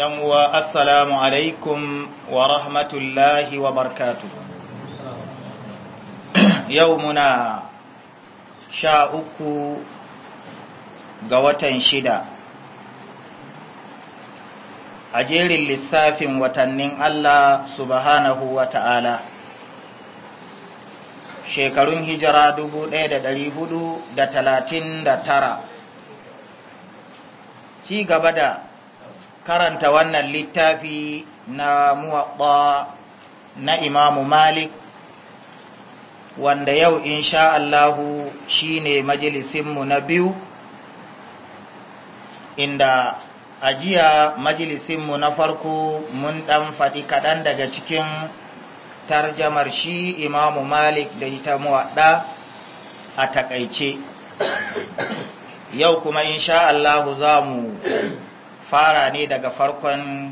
yan uwa assalamu alaikum wa rahmatullahi wa barkatu yau muna sha uku ga watan shida a jerin lissafin watannin Allah subhanahu wa ta'ala shekarun hijira dubu ɗaya da ɗari hudu da talatin da tara ci gaba da karanta wannan littafi na muwaɗa na imamu malik wanda yau insha Allahu shi ne majalisinmu na biyu inda a jiya majalisinmu na farko mun ɗan faɗi kaɗan daga cikin tarjamar shi imamu malik da ita muwaɗa a takaice, yau kuma insha Allahu za mu fara ne daga farkon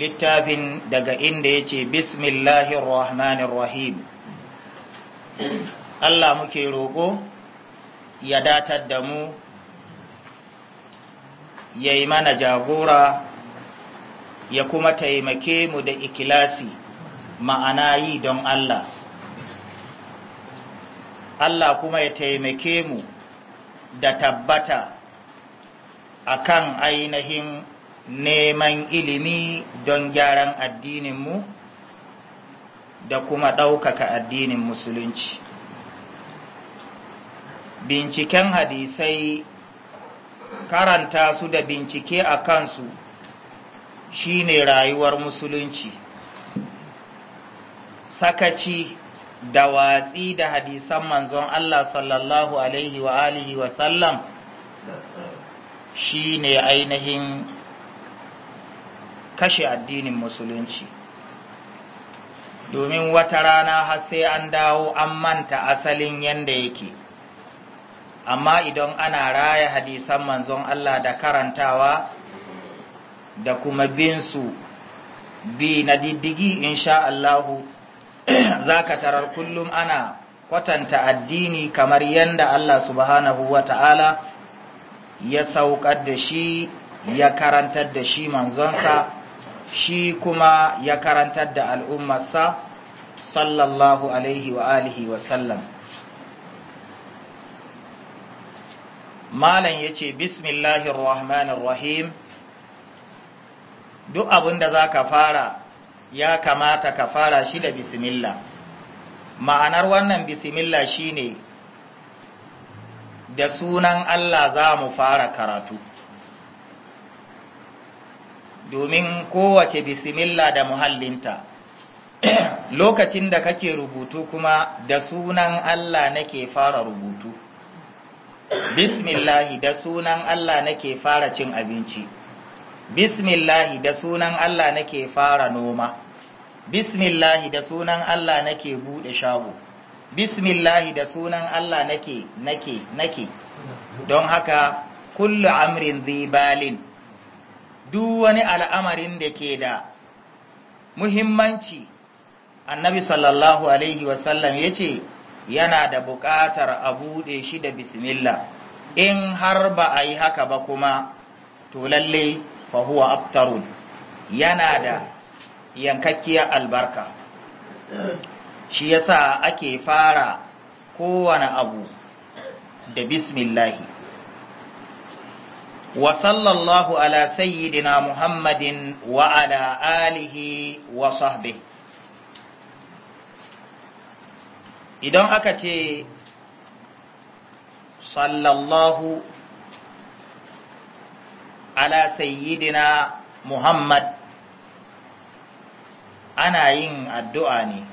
littafin daga inda ya ce bismillahir rahmanir rahim Allah muke roƙo ya datar da mu ya yi mana jagora ya kuma taimake mu da ikilasi ma'ana yi don Allah Allah kuma ya taimake mu da tabbata akan ainihin neman ilimi don gyaran addininmu da kuma ɗaukaka addinin musulunci binciken hadisai karanta su da bincike a kansu shi ne rayuwar musulunci sakaci da watsi da hadisan manzon Allah sallallahu alaihi wa sallam shi ne ainihin kashe addinin musulunci domin wata rana har sai an dawo an manta asalin yanda yake amma idan ana raya hadisan manzon Allah da karantawa da kuma bin su bi na diddigi insha Allahu za ka tarar kullum ana kwatanta addini kamar yadda Allah subhanahu wa ta'ala ya saukar da shi ya karantar da shi manzonsa shi kuma ya karantar da al'ummarsa sallallahu alaihi wa alihi wa sallam malam ya ce bismillahir rahmanir rahim duk abin da za ka fara ya kamata ka fara shi da bismillah ma'anar wannan bismillah shine da sunan Allah za mu fara karatu domin kowace bismillah da muhallinta lokacin da kake rubutu kuma da sunan Allah nake fara rubutu bismillahi da sunan Allah nake fara cin abinci bismillahi da sunan Allah nake fara noma bismillahi da sunan Allah nake bude shago bismillahi da sunan Allah nake nake nake don haka kullu amrin zibalin duk wani al'amarin da ke da muhimmanci annabi sallallahu alaihi wasallam ya ce yana da buƙatar a buɗe shi da bismillah in har ba a yi haka ba kuma to lalle fahuwa aftarun yana da yankakkiyar albarka shi yasa ake fara kowane abu da bismillahi wa sallallahu ala sayyidina muhammadin wa ala alihi wa sahbihi idan aka ce sallallahu ala sayyidina muhammad ana yin addu'a ne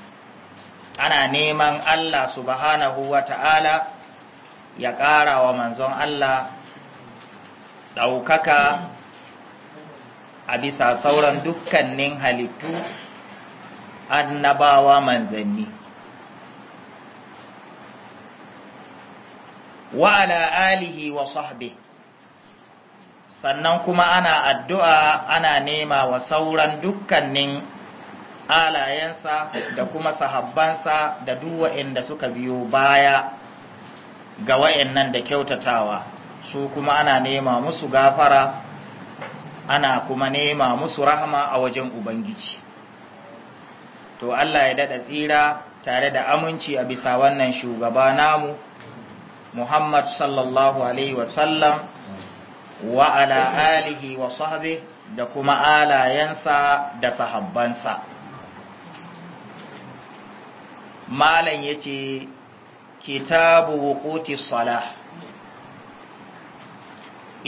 ana neman Allah subhanahu wa ta'ala ya ƙara wa manzon Allah ɗaukaka a bisa sauran dukkanin halittu annabawa manzanni. Wa ala alihi wa sahbi sannan kuma ana addu'a ana nema wa sauran dukkanin alayensa da kuma sahabbansa da duk waɗanda suka biyo baya ga wa'annan da kyautatawa su kuma ana nema musu gafara ana kuma nema musu rahama a wajen ubangiji to Allah ya daɗa tsira tare da aminci a bisa wannan shugaba namu Muhammad sallallahu alaihi wasallam wa ala alihi wa sahbihi da kuma alayensa da sahabbansa malam ya ce kitabu wukuti salah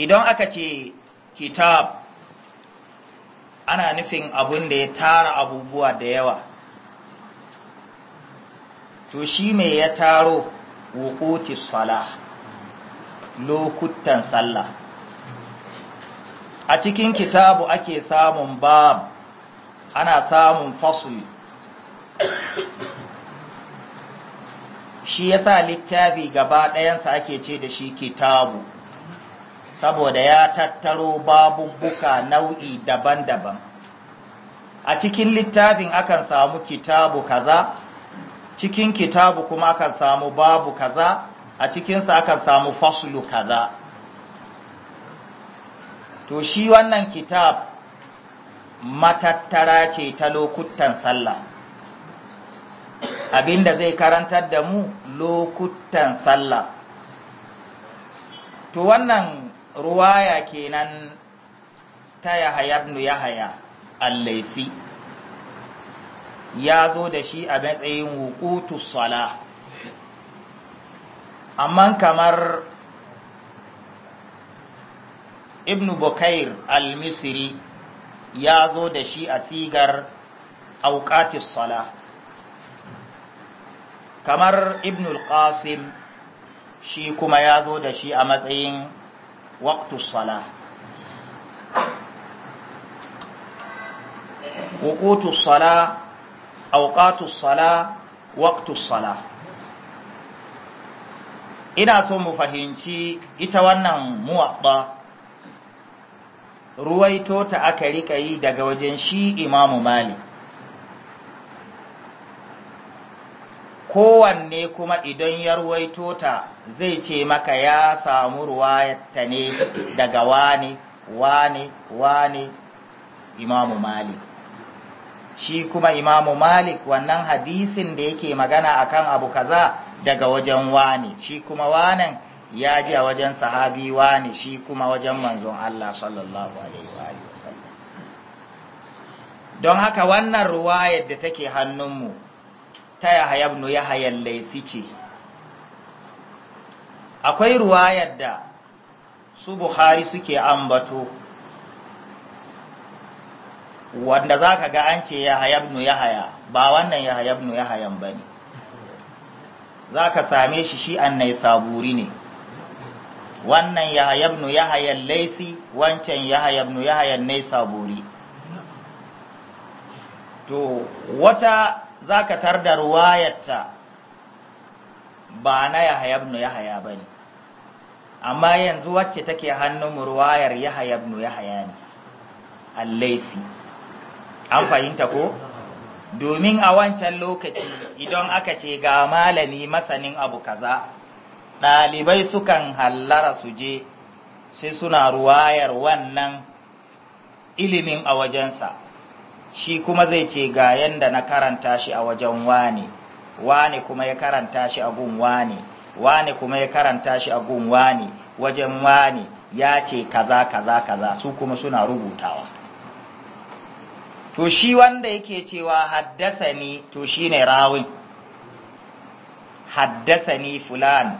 idan aka ce kitab ana nufin abun da ya tara abubuwa da yawa to shi mai ya taro wukuti salah lokutan sallah a cikin kitabu ake samun bab ana samun fasul shi ya sa littafi gaba ɗayansa ake ce da shi kitabu saboda ya tattaro babubuka nau'i daban-daban a cikin littafin akan samu kitabu kaza cikin kitabu kuma akan samu babu kaza a cikinsa akan samu faslu kaza to shi wannan kitab matattara ce ta lokutan sallah abinda zai karantar da mu lokutan sallah to wannan ruwaya kenan ta yahaya ibn yahaya al-laisi ya zo da shi a matsayin wukutu sala amma kamar ibn bukair al-misri ya zo da shi a sigar auqatis sala kamar ibn al-qasim shi kuma ya zo da shi a matsayin waqtus sala wuqutus sala awqatus sala waqtus sala ina so mu fahimci ita wannan muwadda ruwaito ta aka rika yi daga wajen shi imamu malik kowanne kuma idan ya ruwaito ta zai ce maka ya samu ruwayatta ne daga wani wani wani imamu malik shi kuma imamu malik wannan hadisin da yake magana akan abu kaza daga wajen wani shi kuma wanan ya ji a wajen sahabi wani shi kuma wajen manzon Allah sallallahu alaihi wasallam don haka wannan ruwayar da take hannunmu ta yahaya ibn yahaya ce akwai ruwayar da su bukhari suke ambato wanda za ka ga an ce yahaya ibn yahaya ba wannan yahaya ibn yahayan ba ne za ka same shi shi annai saburi ne wannan yahaya ibn yahaya laisi wancan yahaya ibn yahaya ne saburi to wata za ka tar da ruwayarta ba na yahaya ibn yahaya ba ne amma yanzu wacce take hannun ruwayar yahaya ibn yahaya ne allaisi an fahimta ko domin a wancan lokaci idan aka ce ga malami masanin abu kaza ɗalibai sukan hallara su je sai suna ruwayar wannan ilimin a wajensa shi kuma zai ce ga yanda na karanta shi a wajen wane wane kuma ya karanta shi a gun wane wane kuma ya karanta shi a gun wane wajen wane ya ce kaza kaza kaza su kuma suna rubutawa to shi wanda yake cewa haddasa ni to shi ne rawin haddasa ni fulan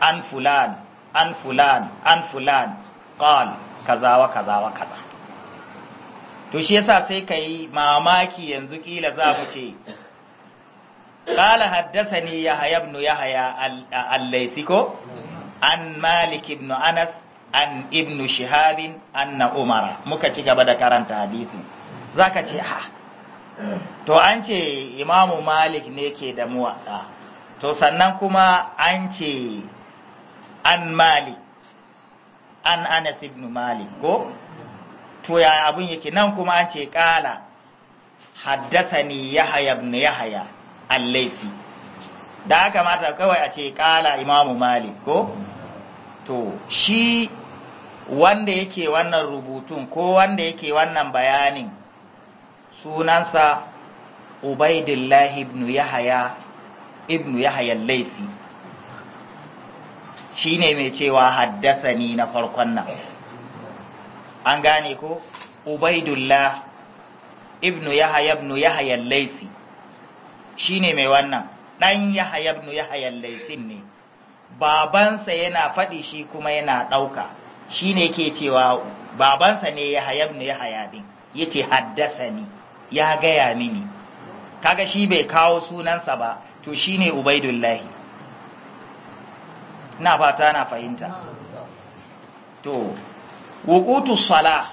an fulan an fulan an fulan kaza wa kaza to shi yasa sai ka yi mamaki yanzu kila za mu ce qala haddathani yahya ibn yahya al-laysi ko an malik ibn anas an ibn shihab anna umara muka ci gaba da karanta hadisi zaka ce ha to an ce imamu malik ne ke da muwaɗa to sannan kuma an ce an malik an anas ibn malik ko to ya abun yake nan kuma an ce kala haddasani yahaya ibn yahaya al-laisi da aka mata kawai a ce kala imamu malik ko to shi wanda yake wannan rubutun ko wanda yake wannan bayanin sunansa ubaidullahi ibn yahaya ibn yahaya laisi shine mai cewa haddasani na farkon nan an gane ko ubaidullah ibnu yahaya ibnu yahaya laisi shine mai wannan dan yahaya ibnu yahaya laisin ne babansa yana faɗi shi kuma yana ɗauka shine ke cewa babansa ne yahaya ibnu yahaya din yace haddasani ya gaya mini kaga shi bai kawo sunansa ba to shine ubaidullahi na fata na fahimta to Wukutu sala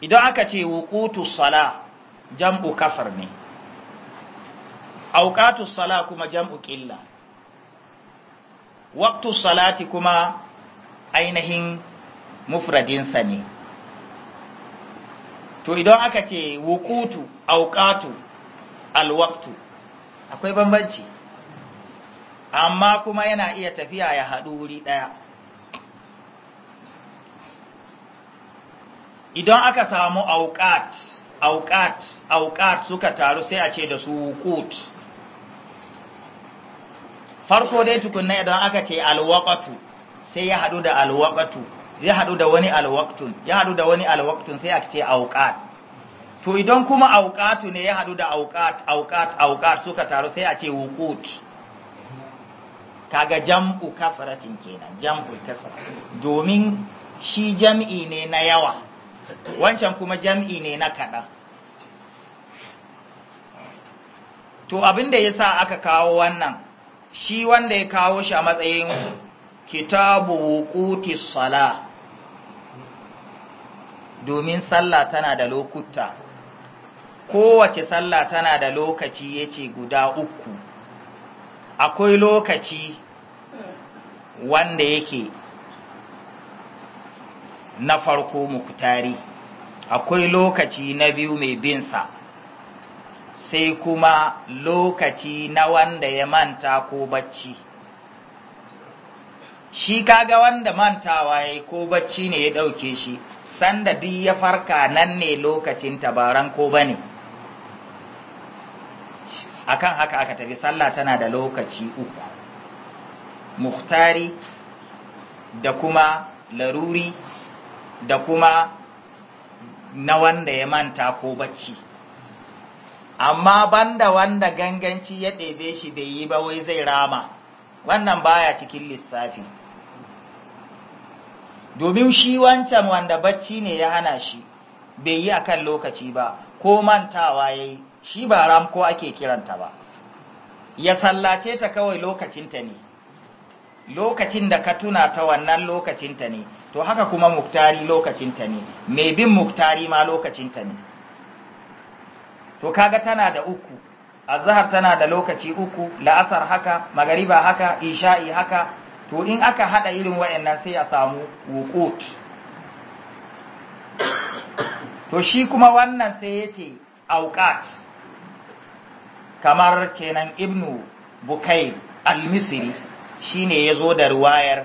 idan aka ce wukutu sala jam'u kasar ne auqatu sala kuma jam'u qilla waqtu salati kuma ainihin mufradinsa ne to idan aka ce wukutu auqatu alwaqtu akwai bambanci amma kuma yana iya tafiya ya haɗu wuri ɗaya idan aka samu auƙat auƙat auƙat suka taru sai a ce da su kut farko dai tukunna idan aka ce alwaqatu sai ya hadu da alwaqatu ya hadu da wani alwaqtun ya hadu da wani alwaqtun sai a ce auqat to idan kuma auqatu ne ya hadu da auqat auqat auqat suka taru sai a ce wuqut kaga jam'u kasratin kenan jam'u kasra domin shi jam'i ne na yawa wancan kuma jam'i ne na kaɗan to abin da ya sa aka kawo wannan shi wanda ya kawo shi a matsayin kitabu wukuti sala domin sallah tana da lokuta kowace sallah tana da lokaci ya ce guda uku akwai lokaci wanda yake na farko muktari akwai lokaci na biyu mai binsa sai kuma lokaci na wanda ya manta ko bacci shi kaga wanda mantawa ya ko bacci ne ya ɗauke shi sanda duk ya farka nan ne lokacin tabaran ko bane akan haka aka tafi sallah tana da lokaci uku muhtari da kuma laruri da kuma na wanda ya manta ko bacci amma banda wanda ganganci ya ɗebe shi bai yi ba wai zai rama wannan baya cikin lissafi domin shi wancan wanda bacci ne ya hana shi bai yi akan lokaci ba ko mantawa ya yi shi ba ram ko ake kiranta ba ya sallace ta kawai lokacinta ne lokacin da ka tuna ta wannan lokacinta ne to haka kuma muktari lokacinta ne mai bin muktari ma lokacinta ne to kaga tana da uku azhar tana da lokaci uku la'asar haka magariba haka isha'i haka to in aka hada irin wayannan sai ya samu wuqut to shi kuma wannan sai yace auqat kamar kenan ibnu bukair al-misri shine yazo da ruwayar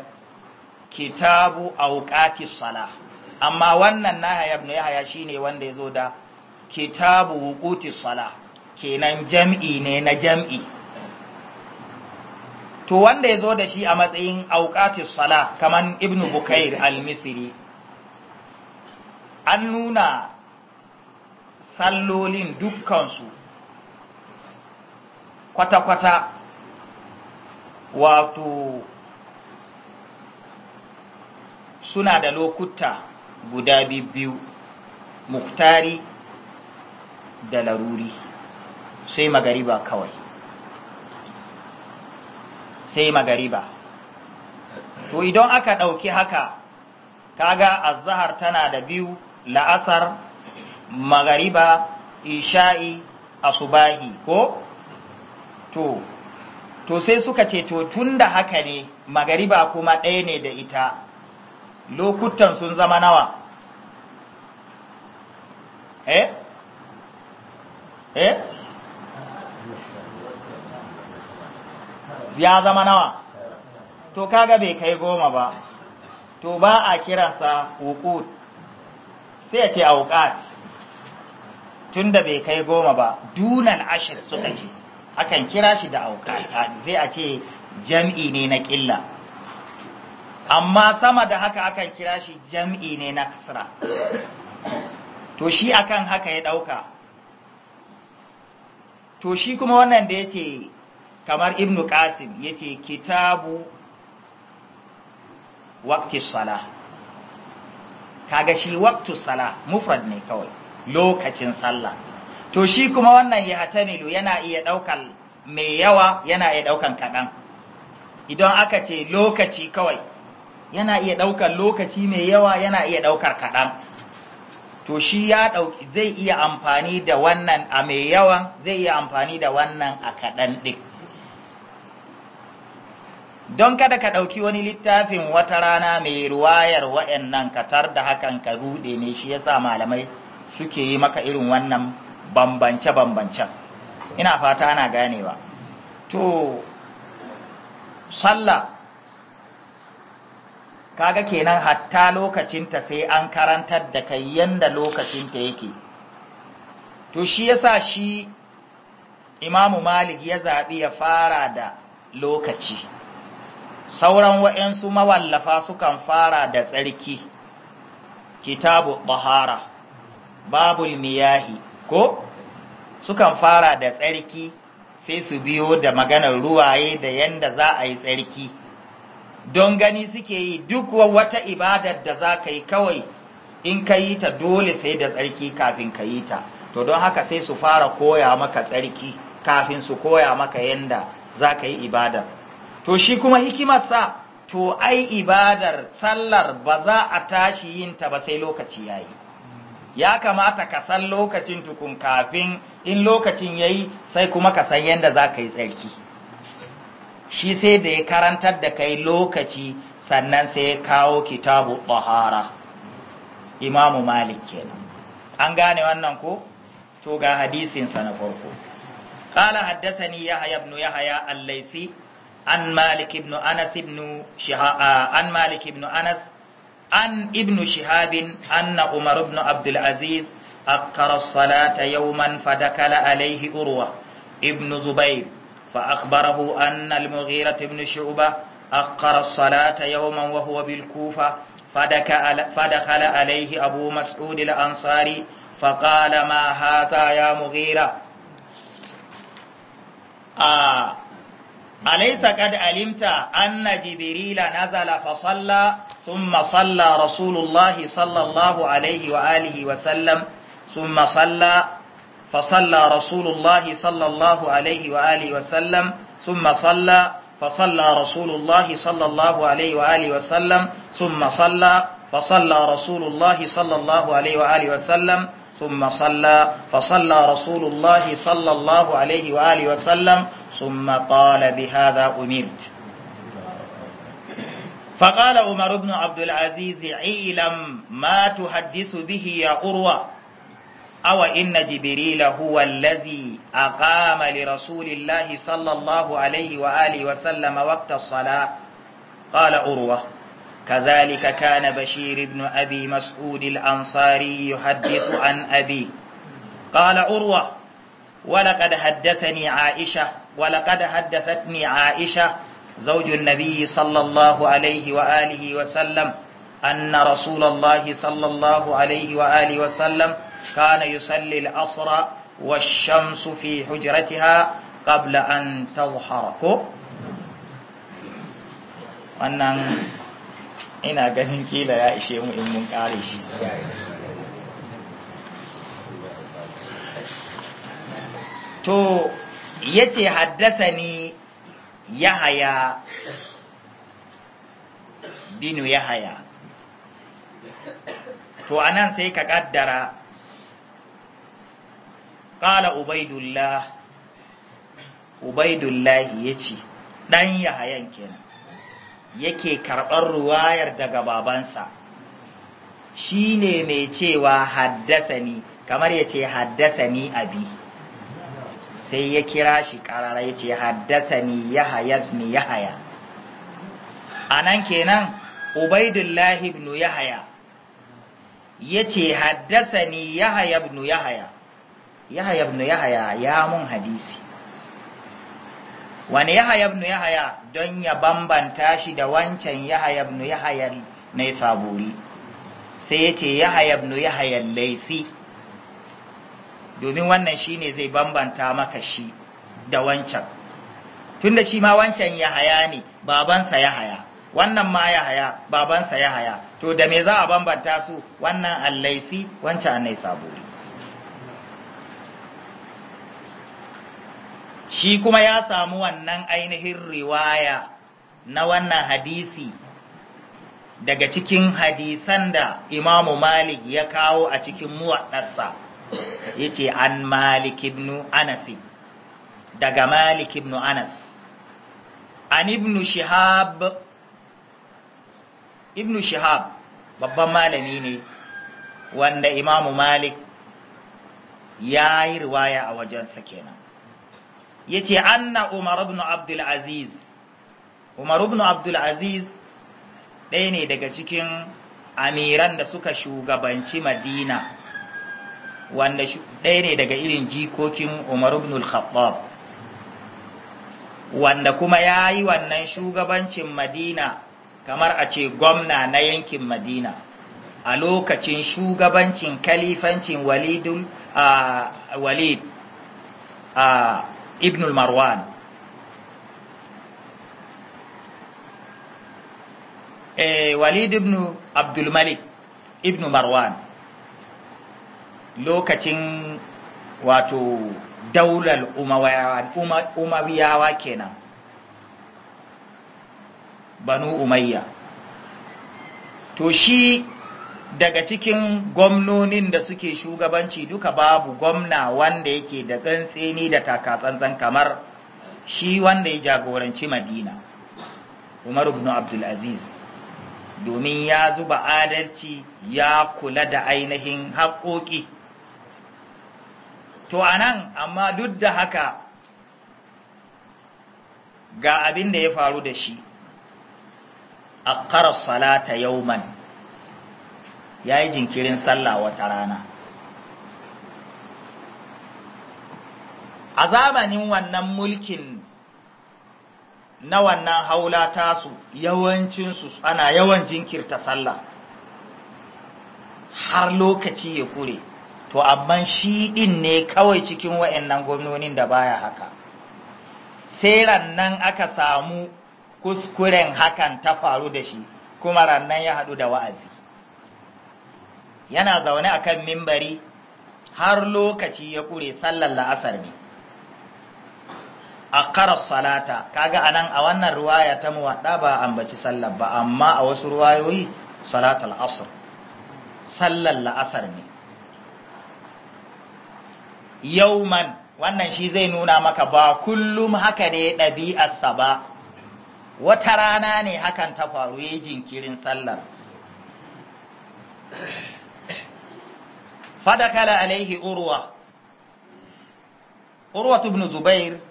kitabu awqati salah amma wannan nahaya ibn yahya shine wanda yazo da kitabu wuquti salah kenan jam'i ne na jam'i to wanda yazo da shi a matsayin awqati salah kaman ibn bukair al-misri an nuna sallolin dukkansu kwata-kwata wato suna da lokuta guda biyu muktari da laruri sai magariba kawai sai magariba to idan aka ɗauki haka kaga azahar tana da biyu la'asar magariba isha'i asubahi ko to to sai suka ce to tun da haka ne magariba kuma ɗaya ne da ita lokutan sun zama nawa eh eh ya zama nawa to kaga bai kai goma ba to ba a kiransa hukut sai ya ce auqat tunda bai kai goma ba dunan ashir suka ce akan kira shi da auqat zai a ce jam'i ne na ƙilla. amma sama da haka akan kira shi jam'i ne na kasra to shi akan haka ya ɗauka to shi kuma wannan da ya ce kamar ibnu qasim ya ce kitabu wakti sala kaga shi waktu sala mufrad ne kawai lokacin sallah to shi kuma wannan ya hatamilu yana iya ɗaukar mai yawa yana iya ɗaukan kaɗan idan aka ce lokaci kawai yana iya ɗaukar lokaci mai yawa yana iya ɗaukar kaɗan to shi ya ɗauki zai iya amfani da wannan a mai yawa zai iya amfani da wannan a kaɗan ɗin don kada ka ɗauki wani littafin wata rana mai ruwayar wa'annan katar da hakan ka ruɗe ne shi yasa malamai suke yi maka irin wannan bambance-bambancen ina fata ana ganewa to sallah kaga kenan hatta lokacinta sai an karantar da kai yanda lokacinta yake to shi yasa shi imamu malik ya zaɓi ya fara da lokaci sauran wa'yansu mawallafa sukan fara da tsarki kitabu bahara babul miyahi ko sukan fara da tsarki sai su biyo da maganar ruwaye da yanda za a yi tsarki don gani suke yi duk wata ibadar da za ka yi kawai in ka yi ta dole sai da tsarki kafin ka yi ta to don haka sai su fara koya maka tsarki kafin su koya maka yanda za ka yi ibadar to shi kuma hikimarsa to ai ibadar sallar ba za a tashi yin ta ba sai lokaci ya yi ya kamata ka san lokacin tukun kafin in lokacin ya yi sai kuma ka san yadda za ka yi tsarki shi sai da ya karantar da kai lokaci sannan sai ya kawo kitabu tahara imamu malik kenan an gane wannan ko to ga hadisin sa na farko qala haddathani yahya ibn yahya al-laythi an malik ibn anas ibn shihab an malik ibn anas an ibn shihab anna umar ibn abdul aziz أقر yau man fadakala Alayhi Urwa, Ibnu زبير فأخبره أن المغيرة بن شعبة أقر الصلاة يوما وهو بالكوفة فدخل عليه أبو مسعود الأنصاري فقال ما هذا يا مغيرة آه أليس قد علمت أن جبريل نزل فصلى ثم صلى رسول الله صلى الله عليه وآله وسلم ثم صلى فصلى رسول الله صلى الله عليه وآله وسلم ثم صلى فصلى رسول الله صلى الله عليه وآله وسلم ثم صلى فصلى رسول الله صلى الله عليه وآله وسلم ثم صلى فصلى رسول الله صلى الله عليه وآله وسلم ثم قال بهذا أمرت فقال عمر بن عبد العزيز عيلم ما تحدث به يا عروه أو إن جبريل هو الذي أقام لرسول الله صلى الله عليه وآله وسلم وقت الصلاة قال أروة كذلك كان بشير بن أبي مسعود الأنصاري يحدث عن أبي قال أروة ولقد حدثني عائشة ولقد حدثتني عائشة زوج النبي صلى الله عليه وآله وسلم أن رسول الله صلى الله عليه وآله وسلم كان يصلي العصر والشمس في حجرتها قبل أن تظهر wannan ina ganin kila ya ishe mu in mun kare shi to yace haddasani yahaya binu yahaya to anan sai ka kaddara ƙala ubaidullah ubaidullahi ya ce ɗan yahayan kenan yake karɓar ruwayar daga babansa shi ne mai cewa haddasani kamar ya ce haddasani abi sai ya kira shi ƙarara ya ce haddasani yahaya ni yahaya a nan kenan ubaidullahi ibn yahaya ya ce haddasani yahaya ibn yahaya yahaya ibn yahaya ya mun hadisi wani yahaya ibn yahaya don ya bambanta shi da wancan yahaya ibn yahaya na saburi sai ya ce yahaya ibn yahaya laifi domin wannan shine zai bambanta maka shi da wancan tunda shi ma wancan yahaya ne babansa yahaya wannan ma yahaya babansa yahaya to da me za a bambanta su wannan allaisi wancan annai saburi shi kuma ya samu wannan ainihin riwaya na wannan hadisi daga cikin hadisan da imamu malik ya kawo a cikin muwaɗarsa ya an malik ibn Anasi daga malik ibn anas an ibn shihab ibn shihab babban malami ne wanda imamu malik ya yi riwaya a wajensa kenan yace anna Umar ibn Abdul Aziz Umar ibn Abdul Aziz ɗaya ne daga cikin amiran da suka shugabanci Madina wanda ɗaya ne daga irin jikokin Umar ibn al-Khattab wanda kuma ya yi wannan shugabancin Madina kamar a ce gwamna na yankin Madina a lokacin shugabancin kalifancin walidul a walid a ibn marwan eh, walid ibn abdul malik ibn marwan lokacin wato daular umawiyawa kenan banu umayya to shi daga cikin gwamnonin da suke shugabanci duka babu gwamna wanda yake da tsantseni da takatsantsan kamar shi wanda ya jagoranci madina umar ibn abdulaziz domin ya zuba adalci ya kula da ainihin haƙoƙi to anan amma duk da haka ga abin da ya faru da shi a salata yauman Yayi jinkirin sallah wata rana a zamanin wannan mulkin na wannan haula tasu yawancinsu ana yawan jinkirta sallah har lokaci ya kure to amma shi ɗin ne kawai cikin wa'annan gwamnonin da baya haka sai rannan aka samu kuskuren hakan ta faru da shi kuma rannan ya haɗu da wa'azi yana zaune a kan mimbari har lokaci ya kure sallar la'asar ne a ƙarar salata kaga anan a wannan ruwaya ta muwaɗa ba ambaci sallar ba amma a wasu ruwayoyi salatar asar sallar la'asar ne yauman wannan shi zai nuna maka ba kullum haka ne ɗabi'arsa ba wata rana ne hakan ta faru ya jinkirin sallar fadakala alaihi urwa. أروى بن Zubair.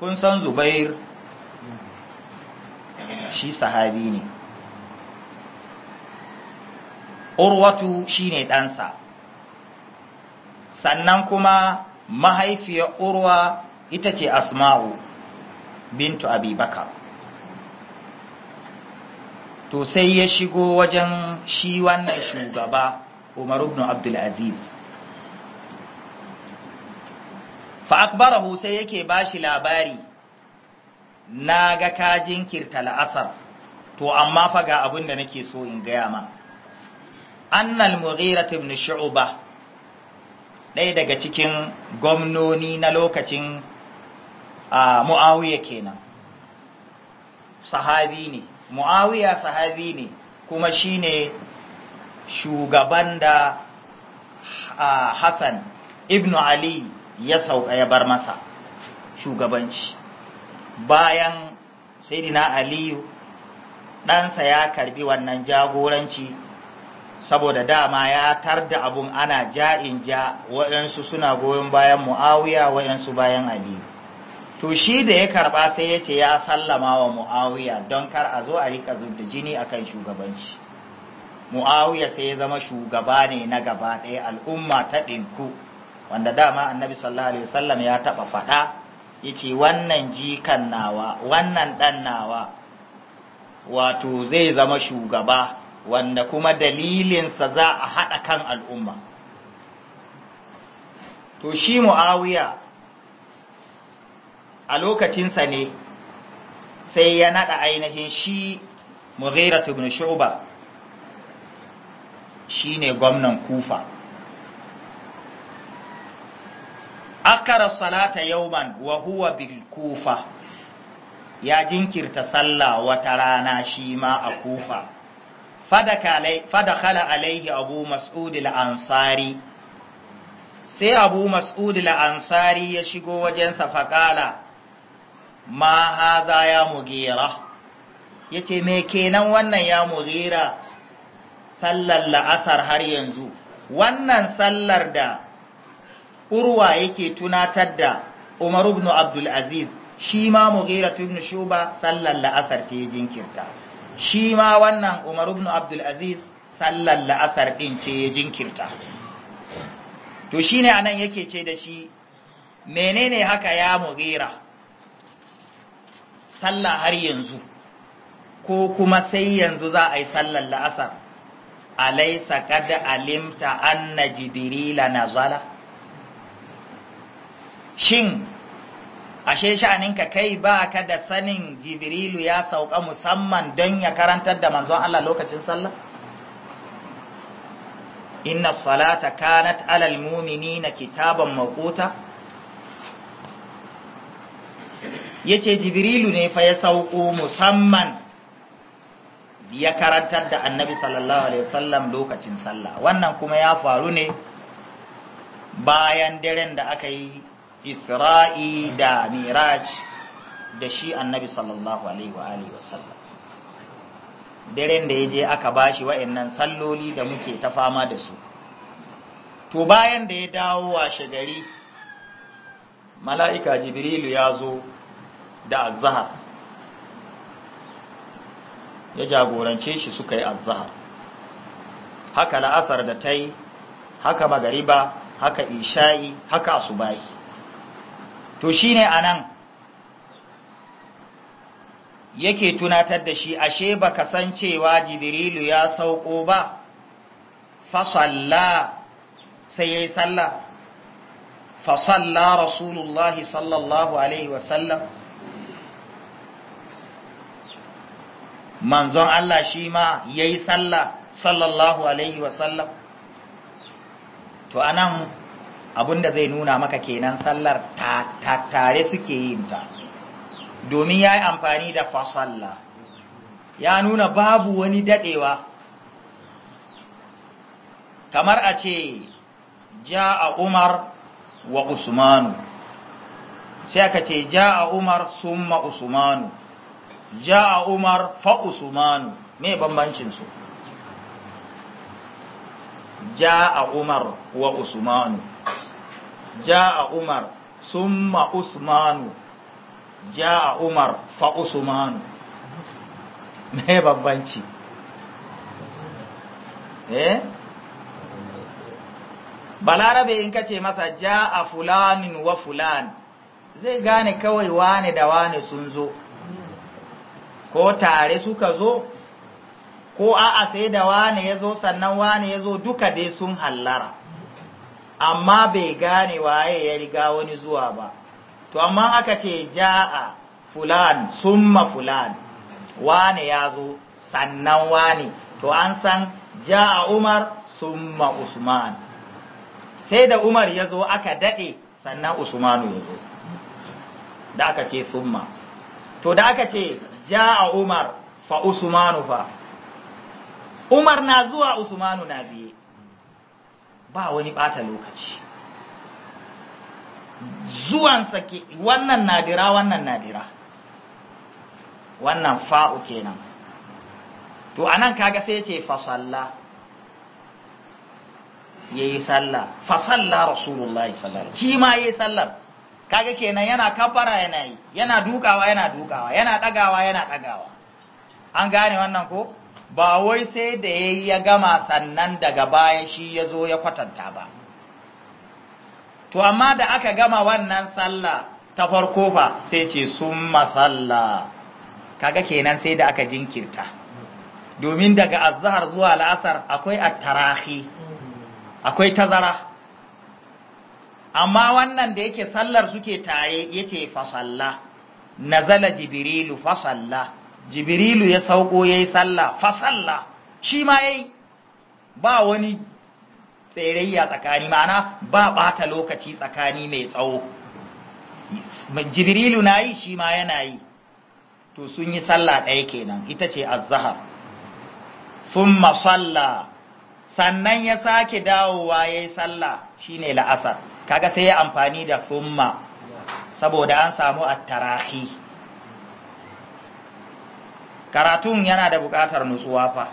kun san zubair shi sahabi ne urwatu shine ne ɗansa sannan kuma mahaifiyar urwa ita ce asma'u bintu abubakar to sai ya shigo wajen shi wannan shugaba umar ibn abdulaziz fa akbarahu sai yake bashi labari na ga kajin kirta la'asar to amma fa ga abin da nake so in gaya ma annal mughira ibn shu'ba ɗaya daga cikin gwamnoni na lokacin A mu'awiya kenan sahabi ne muawiya sahabi ne kuma shi ne shugaban da hassan ibnu ali ya sauka ya bar masa shugabanci bayan saidina aliyu ɗansa ya karbi wannan jagoranci saboda dama ya tar da abun ana ja'in ja waɗansu suna goyon bayan mu'awiya waɗansu bayan aliyu to shi da ya karba sai ya ce ya sallama wa mu'awiya don kar a zo a rika zubda jini akan shugabanci mu'awiya sai ya zama shugaba ne na gaba ɗaya al'umma ta ɗinku wanda dama annabi sallallahu alaihi wasallam ya taɓa faɗa ya ce wannan jikan nawa wannan ɗan nawa wato zai zama shugaba wanda kuma dalilinsa za a haɗa kan al'umma to shi mu'awiya a lokacinsa ne sai ya naɗa ainihin shi mughira ibn shu'ba shine gwamnan kufa akara salata yauman wa huwa bil kufa ya jinkirta sallah wata rana shi ma a kufa fadakala alaihi abu mas'ud al-ansari sai abu mas'ud al-ansari ya shigo wajensa safakala ma haza ya mugira yace ce me kenan wannan ya mugira sallar la'asar har yanzu wannan sallar da urwa yake tunatar da umar ibn abdul aziz shi ma mugira ibn shuba sallar la'asar ce jinkirta shi ma wannan umar ibn abdul aziz sallar la'asar ɗin ce jinkirta to shine anan yake ce da shi menene haka ya mugira sallah har yanzu ko kuma sai yanzu za a yi sallar la'asar alaisa qad alimta anna jibrila nazala shin ashe sha'aninka kai ba ka da sanin jibrilu ya sauka musamman don ya karantar da manzon Allah lokacin sallah inna salata kanat alal mu'minina kitaban mawquta yace jibrilu ne fa ya sauko musamman ya karantar da annabi sallallahu alaihi wasallam lokacin sallah wannan kuma ya faru ne bayan daren da aka yi isra'i da miraj da shi annabi sallallahu alaihi wasallam daren da ya je aka bashi wa'annan salloli da muke ta fama da su to bayan da ya dawo washe gari mala'ika jibrilu ya zo da azahar ya jagorance shi suka yi azahar haka la'asar da ta yi haka magariba haka isha'i haka asubahi to shi shine anan yake tunatar da shi ashe baka san cewa jibrilu ya sauko ba fasalla sai yayi sallah fasalla rasulullahi sallallahu alaihi wasallam manzon Allah shi ma ya yi sallah sallallahu alaihi wasallam to a anan da zai nuna maka kenan sallar tare suke yin ta domin ya yi amfani da fasalla ya nuna babu wani dadewa kamar a ce ja a umar wa usmanu sai aka ce ja a umar summa usmanu ja'a umar fa usmanu me bambancin su ja'a umar wa usmanu ja'a umar summa usmanu ja'a umar fa usmanu me bambanci eh balarabe in ka ce masa ja'a fulanin wa fulan zai gane kawai wane da wane sun zo ko tare suka zo ko a'a sai da wane ya zo sannan wane ya zo duka dai sun hallara amma bai gane waye ya riga wani zuwa ba to amma aka ce ja'a fulan summa fulan wane ya zo sannan wane to an san ja'a umar summa usman sai da umar ya zo aka daɗe sannan usmanu ya zo da aka ce summa to da aka ce ja'a Umar fa Usmanu fa Umar na zuwa Usmanu na biye ba wani bata lokaci zuwansa ke wannan nadira wannan nadira wannan fa'u kenan to anan kaga sai ce fasalla yayi sallah fasalla rasulullahi sallallahu alaihi wasallam shi ma yayi sallar kaga kenan yana kafara yana yi yana dukawa yana dukawa yana dagawa yana dagawa an gane wannan ko ba wai sai da yayi ya gama sannan daga baya shi ya zo ya kwatanta ba to amma da aka gama wannan sallah ta farko fa sai ce summa sallah kaga kenan sai da aka jinkirta domin daga azhar zuwa la'asar akwai at-tarahi akwai tazara amma wannan da yake sallar suke tare yace fasalla nazala jibrilu fasalla jibrilu ya sauko yayi sallah fasalla shi ma yayi ba wani tsereyya tsakani ma'ana ba bata lokaci tsakani mai tsawo jibrilu na yi shi ma yana yi to sun yi sallah ɗaya kenan ita ce azhar thumma salla sannan ya sake dawowa yayi sallah shine la'asar kaga sai ya amfani da thumma saboda an samu attarahi karatun yana da buƙatar nutsuwa fa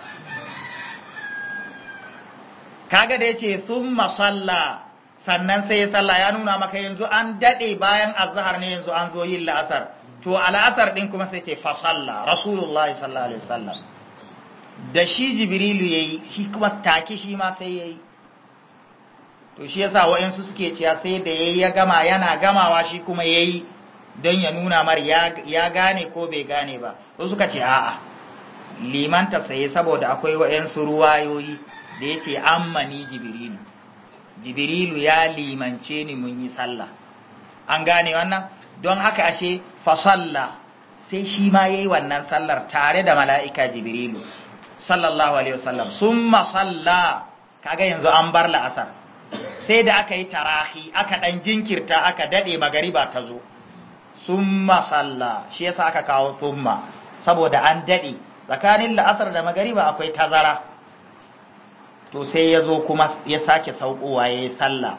kaga da yace thumma salla sannan sai salla ya nuna maka yanzu an dade bayan azhar ne yanzu an zo yin la'asar to al'asar din kuma sai ce fa salla rasulullahi sallallahu alaihi wasallam da shi jibrilu yayi shi kuma take shi ma sai yayi to shi yasa wa'insu suke cewa sai da yayi ya gama yana gamawa shi kuma yayi don ya nuna mar ya gane ko bai gane ba to suka ce a'a limanta ta saye saboda akwai wa'ansu ruwayoyi da yace ni jibrilu jibrilu ya limance ni mun yi sallah an gane wannan don haka ashe fa fasalla sai shi ma yayi wannan sallar tare da mala'ika jibrilu sallallahu alaihi wasallam summa salla kaga yanzu an bar la'asar sai da aka yi tarahi aka ɗan jinkirta aka daɗe magariba ta zo summa salla shi yasa aka kawo summa saboda an daɗe tsakanin la'asar da magariba akwai tazara to sai ya zo kuma ya sake saukowa ya yi sallah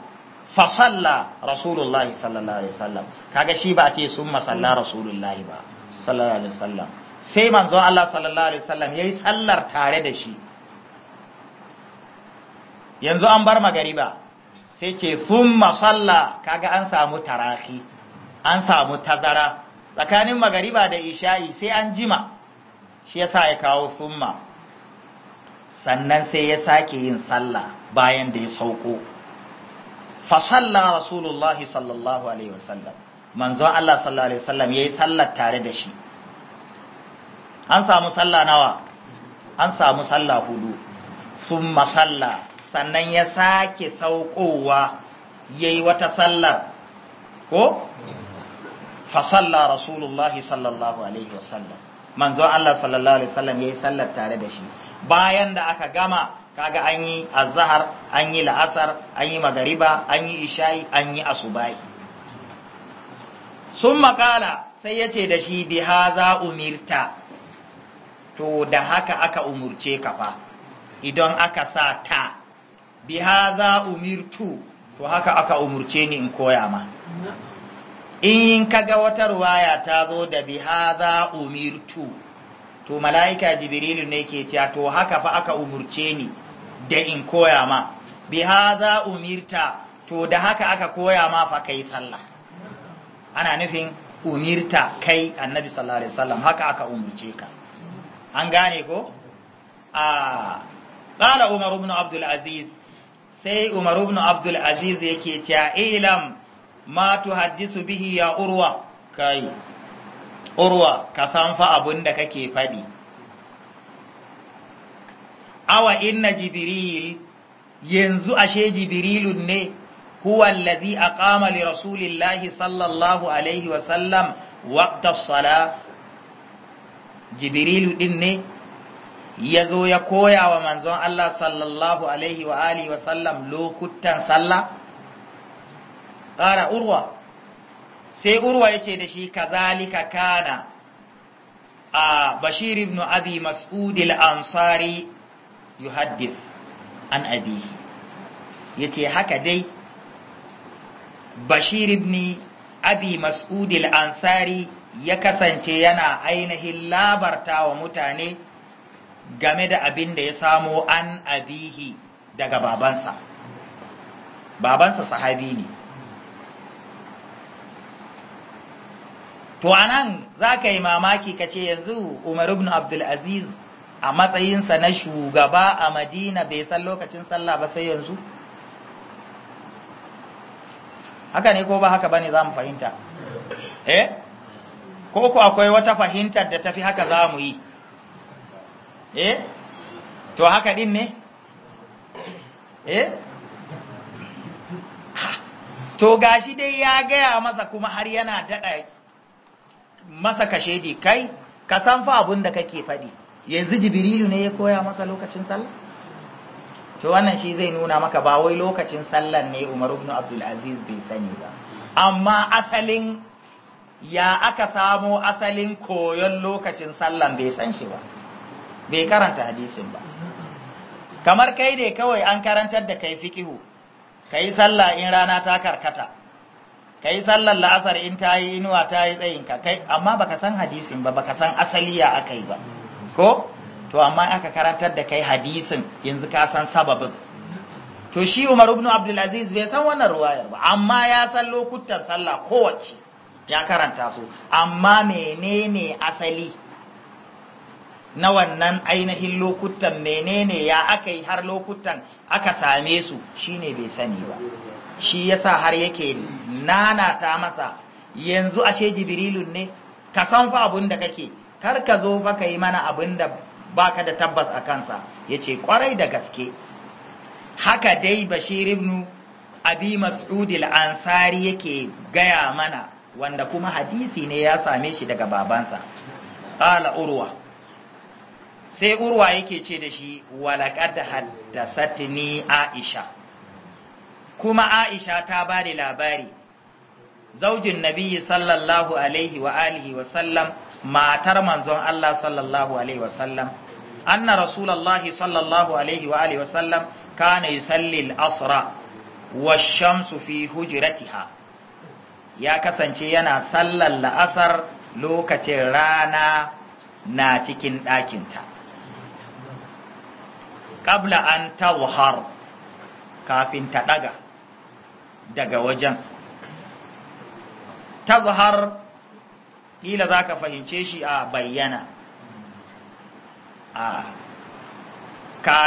fa salla rasulullahi sallallahu alaihi wasallam kaga shi ba a ce summa salla rasulullahi ba sallallahu alaihi wasallam sai manzon Allah sallallahu alaihi wasallam yayi sallar tare da shi yanzu an bar magariba sai ce thumma salla kaga an samu tarahi an samu tazara tsakanin magariba da isha'i sai an jima shi yasa ya kawo summa sannan sai ya sake yin sallah bayan da ya sauko fa salla rasulullahi sallallahu alaihi wasallam manzon Allah sallallahu alaihi wasallam yayi sallar tare da shi an samu sallah nawa an samu sallah hudu summa salla sannan ya sake saukowa ya yi wata sallar ko fasalla rasulullahi sallallahu alaihi wasallam manzo Allah sallallahu alaihi wasallam ya yi sallar tare da shi bayan da aka gama kaga an yi azhar an yi la'asar an yi magariba an yi isha'i an yi asubahi sun makala sai yace da shi bi haza umirta to da haka aka umurce ka fa idan aka sa ta bi hadha umirtu to haka aka umurce ni in koya ma in kaga wata ruwaya ta zo da bi hadha umirtu to mala'ika jibrilu ne ke cewa to haka fa aka umurce ni da in koya ma bi hadha umirta to da haka aka koya ma fa kai sallah ana nufin umirta kai annabi sallallahu alaihi wasallam haka aka umurce ka an gane ko a ah, qala umar ibn abdul aziz sai Umar ibn Abdul Aziz yake cewa ilam ma tuhaddisu bihi ya urwa kai urwa ka san fa abin da kake faɗi awa inna jibril yanzu ashe jibrilun ne huwa allazi aqama li rasulillahi sallallahu alaihi wa sallam waqta as jibrilu din ne ya zo ya koya wa manzon Allah sallallahu alaihi wa alihi wa sallam lokutan sallah ƙara urwa sai urwa ya ce da shi kazalika kana a bashir ibn abi mas'ud al-ansari Yuhaddis an Ya ce haka dai bashir ibn abi mas'ud al-ansari ya kasance yana ainihin labarta wa mutane game da abin da ya samo an abihi daga babansa babansa sahabi ne to anan za ka yi mamaki ka ce yanzu umar ibn abdulaziz a matsayinsa na shugaba a madina bai san lokacin sallah ba sai yanzu haka ne ko ba haka bane za mu fahimta eh ko ku akwai wata fahimtar da tafi haka za mu yi eh to haka din ne eh to gashi dai ya gaya masa kuma har yana daɗa masa kashedi kai ka san fa abin da kake faɗi yanzu jibrilu ne ya koya masa lokacin sallah to wannan shi zai nuna maka ba wai lokacin sallar ne umar ibn abdul aziz bai sani ba amma asalin ya aka samo asalin koyon lokacin sallan bai san shi ba bai karanta hadisin ba kamar kai ne kawai an karantar da kai fikihu ka yi sallah in rana ta karkata ka yi sallar la'asar in ta yi inuwa ta yi ka kai amma baka san hadisin ba baka san asaliya aka yi ba ko to amma aka karantar da kai hadisin yanzu ka san sababin to shi Umar ibn Abdulaziz bai san wannan ruwayar ba amma ya san lokutan sallah kowace ya karanta su amma menene asali na wannan ainihin lokutan menene ya aka yi har lokutan aka same su shine bai sani ba shi yasa har yake nana ta masa yanzu ashe jibrilun ne ka san fa abun da kake kar ka zo fa ka yi mana abun da baka da tabbas a kansa yace kwarai da gaske haka dai bashir ibn abi mas'ud al-ansari yake gaya mana wanda kuma hadisi ne ya same shi daga babansa qala urwa sai urwa yake ce da shi walaƙad haddasatni aisha kuma aisha ta ba da labari zaujin nabiyyi sallallahu alaihi wa alihi wa sallam matar manzon Allah sallallahu alaihi wa sallam anna rasulullahi sallallahu alaihi wa alihi wa sallam kana yusalli al-asra wa shamsu fi hujratiha ya kasance yana sallar la'asar lokacin rana na cikin ɗakinta qabla an tawhar kafin ta ɗaga daga wajen tazhar za zaka fahimce shi a bayyana a